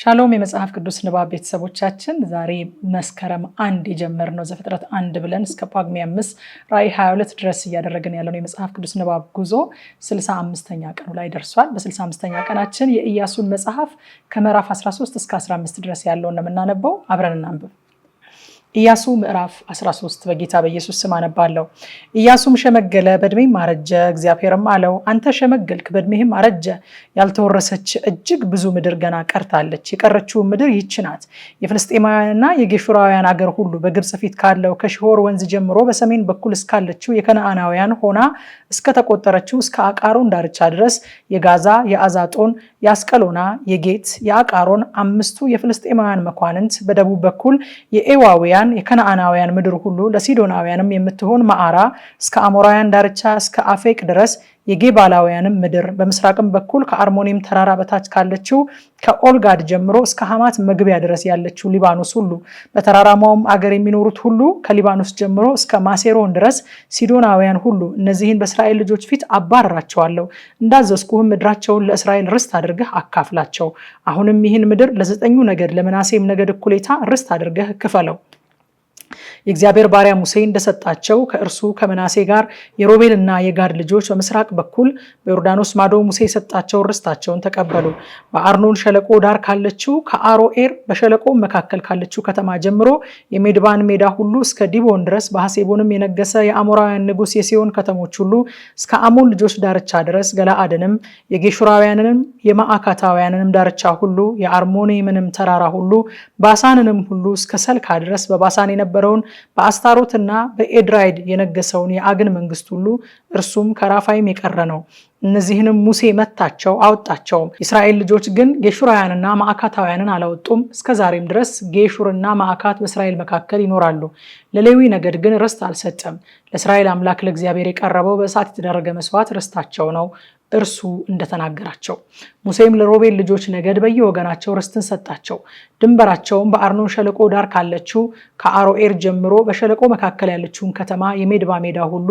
ሻሎም የመጽሐፍ ቅዱስ ንባብ ቤተሰቦቻችን ዛሬ መስከረም አንድ የጀመርነው ዘፍጥረት አንድ ብለን እስከ ጳጉሜ አምስት ራዕይ 22 ድረስ እያደረግን ያለነው የመጽሐፍ ቅዱስ ንባብ ጉዞ 65ኛ ቀኑ ላይ ደርሷል። በ65ኛ ቀናችን የኢያሱን መጽሐፍ ከምዕራፍ 13 እስከ 15 ድረስ ያለውን ነው የምናነበው። አብረን እናንብብ። ኢያሱ ምዕራፍ 13 በጌታ በኢየሱስ ስም አነባለሁ። ኢያሱም ሸመገለ፣ በእድሜም አረጀ። እግዚአብሔርም አለው አንተ ሸመገልክ፣ በእድሜህም አረጀ። ያልተወረሰች እጅግ ብዙ ምድር ገና ቀርታለች። የቀረችውን ምድር ይህች ናት። የፍልስጤማውያንና የጌሹራውያን አገር ሁሉ በግብፅ ፊት ካለው ከሽሆር ወንዝ ጀምሮ በሰሜን በኩል እስካለችው የከነአናውያን ሆና እስከተቆጠረችው እስከ አቃሮን ዳርቻ ድረስ የጋዛ፣ የአዛጦን፣ የአስቀሎና፣ የጌት፣ የአቃሮን አምስቱ የፍልስጤማውያን መኳንንት በደቡብ በኩል የኤዋውያን ዳን የከነዓናውያን ምድር ሁሉ ለሲዶናውያንም የምትሆን ማዕራ እስከ አሞራውያን ዳርቻ እስከ አፌቅ ድረስ የጌባላውያንም ምድር በምስራቅም በኩል ከአርሞኒም ተራራ በታች ካለችው ከኦልጋድ ጀምሮ እስከ ሐማት መግቢያ ድረስ ያለችው ሊባኖስ ሁሉ በተራራማውም አገር የሚኖሩት ሁሉ ከሊባኖስ ጀምሮ እስከ ማሴሮን ድረስ ሲዶናውያን ሁሉ እነዚህን በእስራኤል ልጆች ፊት አባረራቸዋለሁ። እንዳዘዝኩህም ምድራቸውን ለእስራኤል ርስት አድርገህ አካፍላቸው። አሁንም ይህን ምድር ለዘጠኙ ነገድ ለመናሴም ነገድ እኩሌታ ርስት አድርገህ ክፈለው። የእግዚአብሔር ባሪያ ሙሴ እንደሰጣቸው ከእርሱ ከመናሴ ጋር የሮቤልና የጋድ ልጆች በምስራቅ በኩል በዮርዳኖስ ማዶ ሙሴ የሰጣቸውን ርስታቸውን ተቀበሉ። በአርኖን ሸለቆ ዳር ካለችው ከአሮኤር በሸለቆ መካከል ካለችው ከተማ ጀምሮ የሜድባን ሜዳ ሁሉ እስከ ዲቦን ድረስ በሐሴቦንም የነገሰ የአሞራውያን ንጉስ የሲዮን ከተሞች ሁሉ እስከ አሞን ልጆች ዳርቻ ድረስ ገላአድንም የጌሹራውያንንም የማዕካታውያንንም ዳርቻ ሁሉ የአርሞኔምንም ተራራ ሁሉ ባሳንንም ሁሉ እስከ ሰልካ ድረስ በባሳን የነበረውን በአስታሮትና በኤድራይድ የነገሰውን የአግን መንግስት ሁሉ እርሱም ከራፋይም የቀረ ነው። እነዚህንም ሙሴ መታቸው አወጣቸውም። የእስራኤል ልጆች ግን ጌሹራውያንና ማዕካታውያንን አላወጡም። እስከ ዛሬም ድረስ ጌሹርና ማዕካት በእስራኤል መካከል ይኖራሉ። ለሌዊ ነገድ ግን ርስት አልሰጠም። ለእስራኤል አምላክ ለእግዚአብሔር የቀረበው በእሳት የተደረገ መስዋዕት ርስታቸው ነው። እርሱ እንደተናገራቸው። ሙሴም ለሮቤል ልጆች ነገድ በየወገናቸው ርስትን ሰጣቸው። ድንበራቸውም በአርኖን ሸለቆ ዳር ካለችው ከአሮኤር ጀምሮ በሸለቆ መካከል ያለችውን ከተማ የሜድባ ሜዳ ሁሉ፣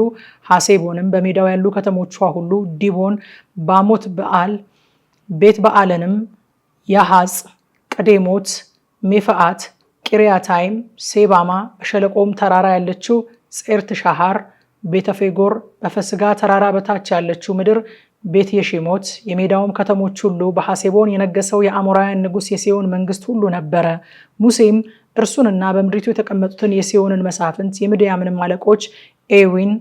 ሐሴቦንም በሜዳው ያሉ ከተሞቿ ሁሉ፣ ዲቦን፣ ባሞት በዓል፣ ቤት በዓልንም፣ ያሐጽ፣ ቀዴሞት፣ ሜፈአት ቂርያታይም፣ ሴባማ በሸለቆም ተራራ ያለችው ጼርት ሻሃር ቤተፌጎር በፈስጋ ተራራ በታች ያለችው ምድር ቤት የሺሞት የሜዳውም ከተሞች ሁሉ በሐሴቦን የነገሰው የአሞራውያን ንጉሥ የሴዮን መንግስት ሁሉ ነበረ። ሙሴም እርሱንና በምድሪቱ የተቀመጡትን የሴዮንን መሳፍንት የምድያምንም አለቆች ኤዊን፣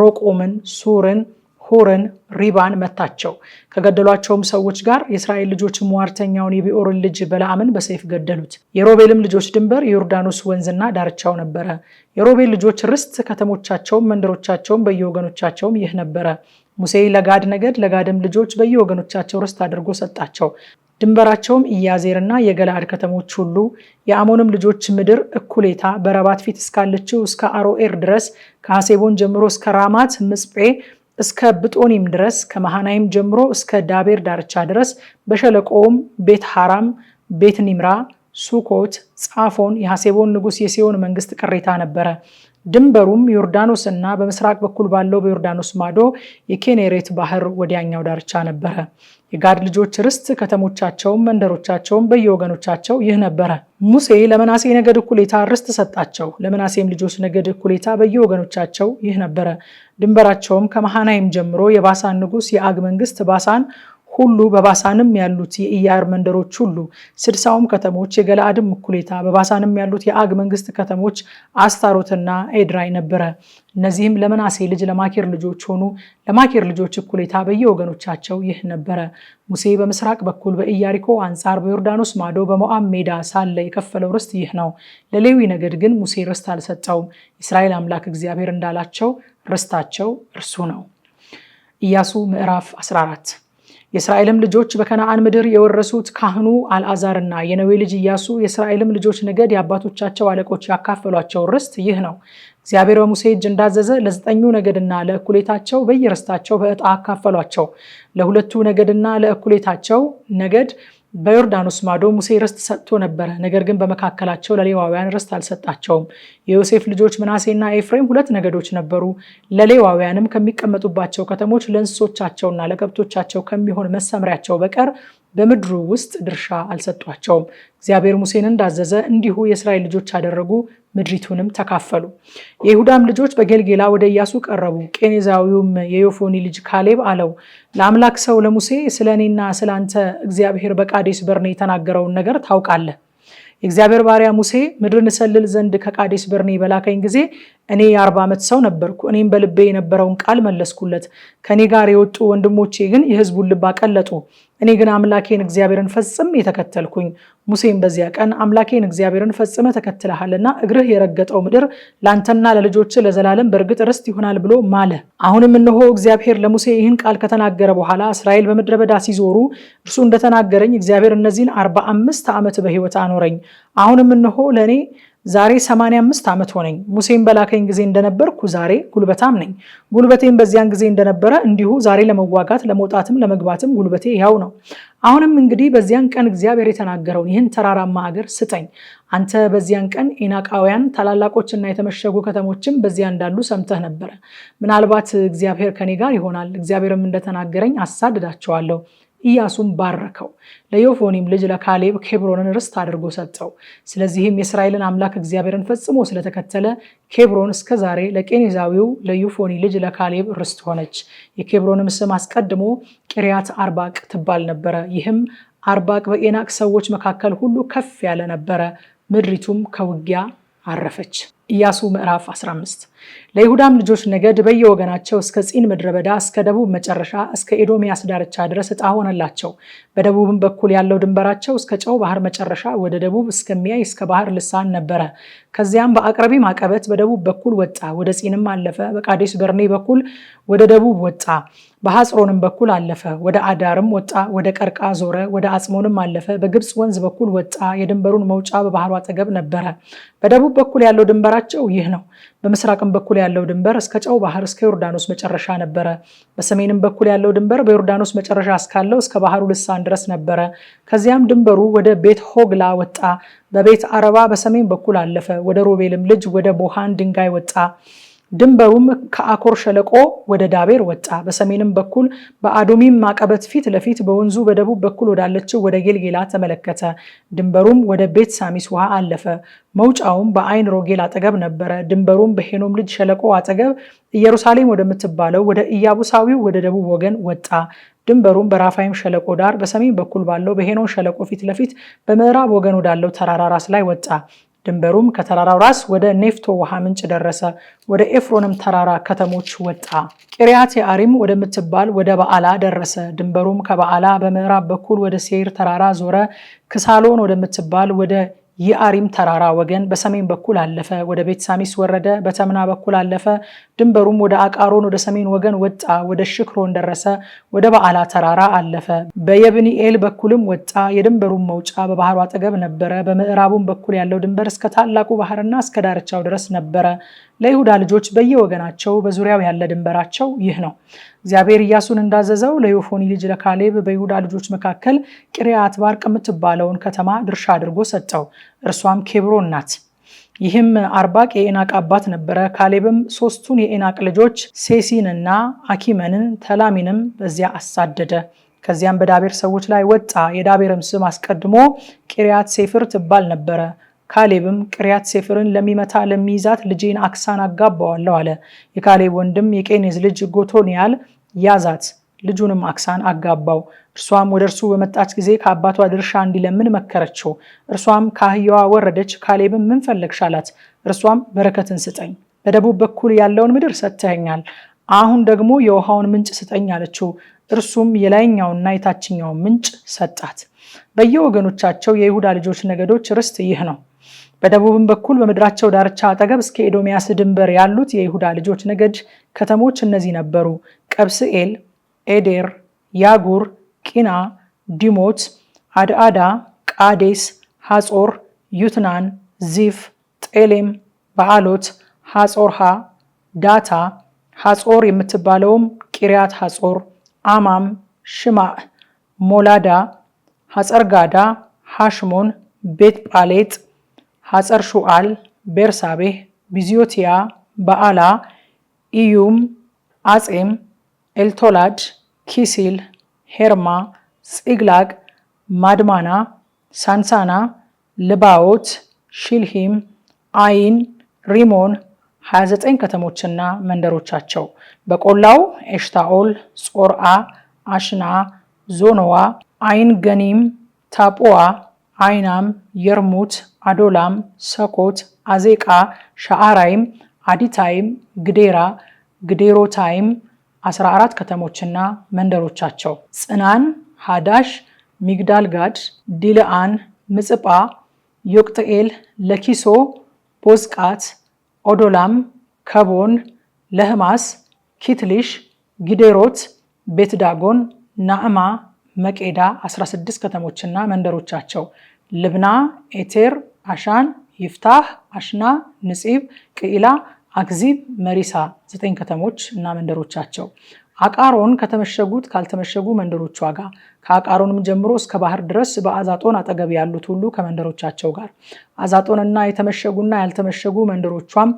ሮቆምን፣ ሱርን፣ ሁርን፣ ሪባን መታቸው። ከገደሏቸውም ሰዎች ጋር የእስራኤል ልጆች ሟርተኛውን የቢኦርን ልጅ በለዓምን በሰይፍ ገደሉት። የሮቤልም ልጆች ድንበር የዮርዳኖስ ወንዝና ዳርቻው ነበረ። የሮቤል ልጆች ርስት ከተሞቻቸውም መንደሮቻቸውም በየወገኖቻቸውም ይህ ነበረ። ሙሴ ለጋድ ነገድ ለጋድም ልጆች በየወገኖቻቸው ርስት አድርጎ ሰጣቸው። ድንበራቸውም ኢያዜርና የገላአድ ከተሞች ሁሉ የአሞንም ልጆች ምድር እኩሌታ በረባት ፊት እስካለችው እስከ አሮኤር ድረስ ከሐሴቦን ጀምሮ እስከ ራማት ምጽጴ እስከ ብጦኒም ድረስ ከመሃናይም ጀምሮ እስከ ዳቤር ዳርቻ ድረስ በሸለቆውም ቤት ሐራም፣ ቤት ኒምራ፣ ሱኮት ጻፎን የሐሴቦን ንጉሥ የሲዮን መንግስት ቅሬታ ነበረ። ድንበሩም ዮርዳኖስ እና በምስራቅ በኩል ባለው በዮርዳኖስ ማዶ የኬኔሬት ባህር ወዲያኛው ዳርቻ ነበረ። የጋድ ልጆች ርስት ከተሞቻቸውም መንደሮቻቸውም በየወገኖቻቸው ይህ ነበረ። ሙሴ ለመናሴ ነገድ እኩሌታ ርስት ሰጣቸው። ለመናሴም ልጆች ነገድ እኩሌታ በየወገኖቻቸው ይህ ነበረ። ድንበራቸውም ከመሃናይም ጀምሮ የባሳን ንጉስ የአግ መንግስት ባሳን ሁሉ በባሳንም ያሉት የኢያር መንደሮች ሁሉ ስድሳውም ከተሞች የገላአድም እኩሌታ በባሳንም ያሉት የአግ መንግስት ከተሞች አስታሮትና ኤድራይ ነበረ። እነዚህም ለመናሴ ልጅ ለማኪር ልጆች ሆኑ። ለማኪር ልጆች እኩሌታ በየወገኖቻቸው ይህ ነበረ። ሙሴ በምስራቅ በኩል በኢያሪኮ አንጻር በዮርዳኖስ ማዶ በሞዓብ ሜዳ ሳለ የከፈለው ርስት ይህ ነው። ለሌዊ ነገድ ግን ሙሴ ርስት አልሰጠውም። የእስራኤል አምላክ እግዚአብሔር እንዳላቸው ርስታቸው እርሱ ነው። ኢያሱ ምዕራፍ 14 የእስራኤልም ልጆች በከነአን ምድር የወረሱት ካህኑ አልአዛርና የነዌ ልጅ እያሱ የእስራኤልም ልጆች ነገድ የአባቶቻቸው አለቆች ያካፈሏቸው ርስት ይህ ነው። እግዚአብሔር በሙሴ እጅ እንዳዘዘ ለዘጠኙ ነገድና ለእኩሌታቸው በየርስታቸው በእጣ አካፈሏቸው። ለሁለቱ ነገድና ለእኩሌታቸው ነገድ በዮርዳኖስ ማዶ ሙሴ ርስት ሰጥቶ ነበረ። ነገር ግን በመካከላቸው ለሌዋውያን ርስት አልሰጣቸውም። የዮሴፍ ልጆች ምናሴና ኤፍሬም ሁለት ነገዶች ነበሩ። ለሌዋውያንም ከሚቀመጡባቸው ከተሞች ለእንስሶቻቸውና ለከብቶቻቸው ከሚሆን መሰምሪያቸው በቀር በምድሩ ውስጥ ድርሻ አልሰጧቸውም። እግዚአብሔር ሙሴን እንዳዘዘ እንዲሁ የእስራኤል ልጆች አደረጉ። ምድሪቱንም ተካፈሉ። የይሁዳም ልጆች በጌልጌላ ወደ ኢያሱ ቀረቡ። ቄኔዛዊውም የዮፎኒ ልጅ ካሌብ አለው፣ ለአምላክ ሰው ለሙሴ ስለ እኔና ስለ አንተ እግዚአብሔር በቃዴስ በርኔ የተናገረውን ነገር ታውቃለህ። የእግዚአብሔር ባሪያ ሙሴ ምድርን እሰልል ዘንድ ከቃዴስ በርኔ በላከኝ ጊዜ እኔ የአርባ ዓመት ሰው ነበርኩ። እኔም በልቤ የነበረውን ቃል መለስኩለት። ከእኔ ጋር የወጡ ወንድሞቼ ግን የሕዝቡን ልብ አቀለጡ። እኔ ግን አምላኬን እግዚአብሔርን ፈጽም የተከተልኩኝ። ሙሴም በዚያ ቀን አምላኬን እግዚአብሔርን ፈጽመ ተከትለሃልና እግርህ የረገጠው ምድር ለአንተና ለልጆች ለዘላለም በእርግጥ ርስት ይሆናል ብሎ ማለ። አሁንም እነሆ እግዚአብሔር ለሙሴ ይህን ቃል ከተናገረ በኋላ እስራኤል በምድረ በዳ ሲዞሩ እርሱ እንደተናገረኝ እግዚአብሔር እነዚህን አርባ አምስት ዓመት በሕይወት አኖረኝ። አሁንም እነሆ ለእኔ ዛሬ 85 ዓመት ሆነኝ። ሙሴን በላከኝ ጊዜ እንደነበርኩ ዛሬ ጉልበታም ነኝ። ጉልበቴን በዚያን ጊዜ እንደነበረ እንዲሁ ዛሬ ለመዋጋት ለመውጣትም ለመግባትም ጉልበቴ ያው ነው። አሁንም እንግዲህ በዚያን ቀን እግዚአብሔር የተናገረውን ይህን ተራራማ ሀገር ስጠኝ። አንተ በዚያን ቀን ኢናቃውያን ታላላቆችና የተመሸጉ ከተሞችም በዚያ እንዳሉ ሰምተህ ነበረ። ምናልባት እግዚአብሔር ከኔ ጋር ይሆናል፣ እግዚአብሔርም እንደተናገረኝ አሳድዳቸዋለሁ ኢያሱም ባረከው፣ ለዮፎኒም ልጅ ለካሌብ ኬብሮንን ርስት አድርጎ ሰጠው። ስለዚህም የእስራኤልን አምላክ እግዚአብሔርን ፈጽሞ ስለተከተለ ኬብሮን እስከ ዛሬ ለቄኔዛዊው ለዮፎኒ ልጅ ለካሌብ ርስት ሆነች። የኬብሮንም ስም አስቀድሞ ቂርያት አርባቅ ትባል ነበረ። ይህም አርባቅ በኤናቅ ሰዎች መካከል ሁሉ ከፍ ያለ ነበረ። ምድሪቱም ከውጊያ አረፈች። ኢያሱ ምዕራፍ 15 ለይሁዳም ልጆች ነገድ በየወገናቸው እስከ ጺን ምድረ በዳ እስከ ደቡብ መጨረሻ እስከ ኤዶምያስ ዳርቻ ድረስ እጣ ሆነላቸው። በደቡብም በኩል ያለው ድንበራቸው እስከ ጨው ባህር መጨረሻ ወደ ደቡብ እስከሚያይ እስከ ባህር ልሳን ነበረ። ከዚያም በአቅረቢም አቀበት በደቡብ በኩል ወጣ፣ ወደ ጺንም አለፈ። በቃዴስ በርኔ በኩል ወደ ደቡብ ወጣ፣ በሐጽሮንም በኩል አለፈ። ወደ አዳርም ወጣ፣ ወደ ቀርቃ ዞረ፣ ወደ አጽሞንም አለፈ። በግብፅ ወንዝ በኩል ወጣ፣ የድንበሩን መውጫ በባህሩ አጠገብ ነበረ። በደቡብ በኩል ያለው ድንበራ ድንበራቸው ይህ ነው። በምስራቅም በኩል ያለው ድንበር እስከ ጨው ባህር እስከ ዮርዳኖስ መጨረሻ ነበረ። በሰሜንም በኩል ያለው ድንበር በዮርዳኖስ መጨረሻ እስካለው እስከ ባህሩ ልሳን ድረስ ነበረ። ከዚያም ድንበሩ ወደ ቤት ሆግላ ወጣ። በቤት አረባ በሰሜን በኩል አለፈ። ወደ ሮቤልም ልጅ ወደ ቦሃን ድንጋይ ወጣ። ድንበሩም ከአኮር ሸለቆ ወደ ዳቤር ወጣ። በሰሜንም በኩል በአዶሚም ማቀበት ፊት ለፊት በወንዙ በደቡብ በኩል ወዳለችው ወደ ጌልጌላ ተመለከተ። ድንበሩም ወደ ቤት ሳሚስ ውሃ አለፈ። መውጫውም በአይን ሮጌል አጠገብ ነበረ። ድንበሩም በሄኖም ልጅ ሸለቆ አጠገብ ኢየሩሳሌም ወደምትባለው ወደ ኢያቡሳዊው ወደ ደቡብ ወገን ወጣ። ድንበሩም በራፋይም ሸለቆ ዳር በሰሜን በኩል ባለው በሄኖም ሸለቆ ፊት ለፊት በምዕራብ ወገን ወዳለው ተራራ ራስ ላይ ወጣ። ድንበሩም ከተራራው ራስ ወደ ኔፍቶ ውሃ ምንጭ ደረሰ። ወደ ኤፍሮንም ተራራ ከተሞች ወጣ። ቂርያት የአሪም ወደምትባል ወደ በዓላ ደረሰ። ድንበሩም ከበዓላ በምዕራብ በኩል ወደ ሴይር ተራራ ዞረ። ክሳሎን ወደምትባል ወደ የአሪም ተራራ ወገን በሰሜን በኩል አለፈ፣ ወደ ቤት ሳሚስ ወረደ፣ በተምና በኩል አለፈ። ድንበሩም ወደ አቃሮን ወደ ሰሜን ወገን ወጣ፣ ወደ ሽክሮን ደረሰ፣ ወደ በዓላ ተራራ አለፈ። በየብኒኤል በኩልም ወጣ፣ የድንበሩም መውጫ በባህሩ አጠገብ ነበረ። በምዕራቡም በኩል ያለው ድንበር እስከ ታላቁ ባህርና እስከ ዳርቻው ድረስ ነበረ። ለይሁዳ ልጆች በየወገናቸው በዙሪያው ያለ ድንበራቸው ይህ ነው። እግዚአብሔር ኢያሱን እንዳዘዘው ለዮፎኒ ልጅ ለካሌብ በይሁዳ ልጆች መካከል ቂርያት ባርቅ የምትባለውን ከተማ ድርሻ አድርጎ ሰጠው። እርሷም ኬብሮን ናት። ይህም አርባቅ የኤናቅ አባት ነበረ። ካሌብም ሶስቱን የኤናቅ ልጆች ሴሲንና አኪመንን ተላሚንም በዚያ አሳደደ። ከዚያም በዳቤር ሰዎች ላይ ወጣ። የዳቤርም ስም አስቀድሞ ቂርያት ሴፍር ትባል ነበረ። ካሌብም ቅሪያት ሴፍርን ለሚመታ ለሚይዛት ልጄን አክሳን አጋባዋለሁ አለ። የካሌብ ወንድም የቄኔዝ ልጅ ጎቶንያል ያዛት፣ ልጁንም አክሳን አጋባው። እርሷም ወደ እርሱ በመጣች ጊዜ ከአባቷ ድርሻ እንዲለምን መከረችው። እርሷም ከአህያዋ ወረደች። ካሌብም ምን ፈለግሽ አላት። እርሷም በረከትን ስጠኝ፣ በደቡብ በኩል ያለውን ምድር ሰጥተኸኛል፣ አሁን ደግሞ የውሃውን ምንጭ ስጠኝ አለችው። እርሱም የላይኛውና የታችኛውን ምንጭ ሰጣት። በየወገኖቻቸው የይሁዳ ልጆች ነገዶች ርስት ይህ ነው። በደቡብም በኩል በምድራቸው ዳርቻ አጠገብ እስከ ኤዶሚያስ ድንበር ያሉት የይሁዳ ልጆች ነገድ ከተሞች እነዚህ ነበሩ፣ ቀብስኤል፣ ኤዴር፣ ያጉር፣ ቂና፣ ዲሞት፣ አድአዳ፣ ቃዴስ፣ ሐጾር፣ ዩትናን፣ ዚፍ፣ ጤሌም፣ በዓሎት፣ ሐጾርሃ፣ ዳታ፣ ሐጾር የምትባለውም ቂርያት ሐጾር፣ አማም፣ ሽማዕ፣ ሞላዳ፣ ሐጸርጋዳ፣ ሐሽሞን፣ ቤት ጳሌጥ ሐፀር ሹዓል፣ ቤርሳቤህ፣ ቢዚዮቲያ በዓላ፣ ኢዩም፣ አጼም፣ ኤልቶላድ፣ ኪሲል፣ ሄርማ፣ ፂግላግ፣ ማድማና፣ ሳንሳና፣ ልባዎት፣ ሺልሂም፣ አይን፣ ሪሞን 29 ከተሞችና መንደሮቻቸው በቆላው ኤሽታኦል፣ ጾርአ፣ አሽና፣ ዞኖዋ፣ አይን ገኒም፣ ታጶዋ አይናም፣ የርሙት፣ አዶላም፣ ሰኮት፣ አዜቃ፣ ሻአራይም አዲታይም፣ ግዴራ፣ ግዴሮታይም 14 ከተሞችና መንደሮቻቸው፣ ጽናን፣ ሃዳሽ፣ ሚግዳልጋድ፣ ዲልአን፣ ምጽጳ፣ ዮቅትኤል፣ ለኪሶ፣ ቦዝቃት፣ ኦዶላም፣ ከቦን፣ ለህማስ፣ ኪትሊሽ፣ ጊዴሮት፣ ቤትዳጎን፣ ናዕማ መቄዳ 16 ከተሞችና መንደሮቻቸው ልብና፣ ኤቴር፣ አሻን፣ ይፍታህ፣ አሽና፣ ንጺብ፣ ቅኢላ፣ አክዚብ፣ መሪሳ 9 ከተሞች እና መንደሮቻቸው አቃሮን ከተመሸጉት ካልተመሸጉ መንደሮቿ ጋር ከአቃሮንም ጀምሮ እስከ ባህር ድረስ በአዛጦን አጠገብ ያሉት ሁሉ ከመንደሮቻቸው ጋር አዛጦንና የተመሸጉና ያልተመሸጉ መንደሮቿም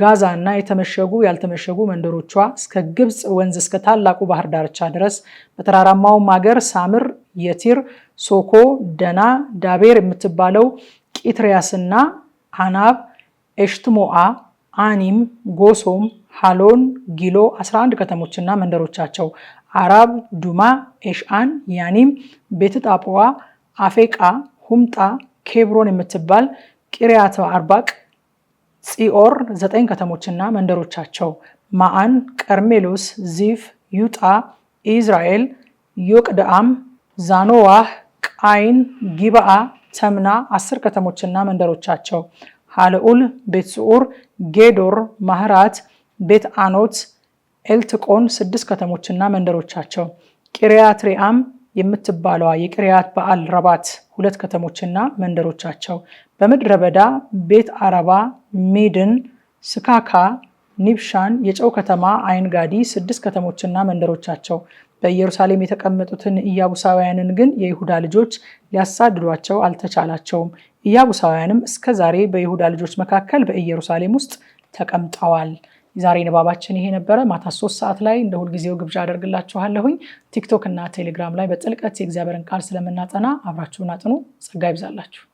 ጋዛና የተመሸጉ ያልተመሸጉ መንደሮቿ እስከ ግብፅ ወንዝ እስከ ታላቁ ባህር ዳርቻ ድረስ በተራራማውም አገር ሳምር፣ የቲር፣ ሶኮ፣ ደና፣ ዳቤር የምትባለው ቂትሪያስና አናብ፣ ኤሽትሞአ፣ አኒም፣ ጎሶም ሃሎን፣ ጊሎ 11 ከተሞችና መንደሮቻቸው፣ አራብ፣ ዱማ፣ ኤሽአን፣ ያኒም፣ ቤት ጣጳዋ፣ አፌቃ፣ ሁምጣ፣ ኬብሮን የምትባል ቂርያት አርባቅ፣ ፂኦር ዘ9 ከተሞችና መንደሮቻቸው፣ ማአን፣ ቀርሜሎስ፣ ዚፍ፣ ዩጣ፣ ኢዝራኤል፣ ዮቅድአም፣ ዛኖዋህ፣ ቃይን፣ ጊባአ፣ ተምና አስር ከተሞችና መንደሮቻቸው፣ ሃልኡል፣ ቤትስዑር፣ ጌዶር፣ ማህራት ቤት አኖት፣ ኤልትቆን ስድስት ከተሞችና መንደሮቻቸው፣ ቂርያት ሪአም የምትባለዋ የቂርያት በዓል ረባት ሁለት ከተሞችና መንደሮቻቸው፣ በምድረ በዳ ቤት አረባ፣ ሜድን፣ ስካካ፣ ኒብሻን፣ የጨው ከተማ፣ አይንጋዲ ስድስት ከተሞችና መንደሮቻቸው። በኢየሩሳሌም የተቀመጡትን ኢያቡሳውያንን ግን የይሁዳ ልጆች ሊያሳድዷቸው አልተቻላቸውም። ኢያቡሳውያንም እስከ ዛሬ በይሁዳ ልጆች መካከል በኢየሩሳሌም ውስጥ ተቀምጠዋል። የዛሬ ንባባችን ይሄ ነበረ። ማታ ሶስት ሰዓት ላይ እንደ ሁልጊዜው ግብዣ አደርግላችኋለሁኝ። ቲክቶክ እና ቴሌግራም ላይ በጥልቀት የእግዚአብሔርን ቃል ስለምናጠና አብራችሁን አጥኑ። ጸጋ ይብዛላችሁ።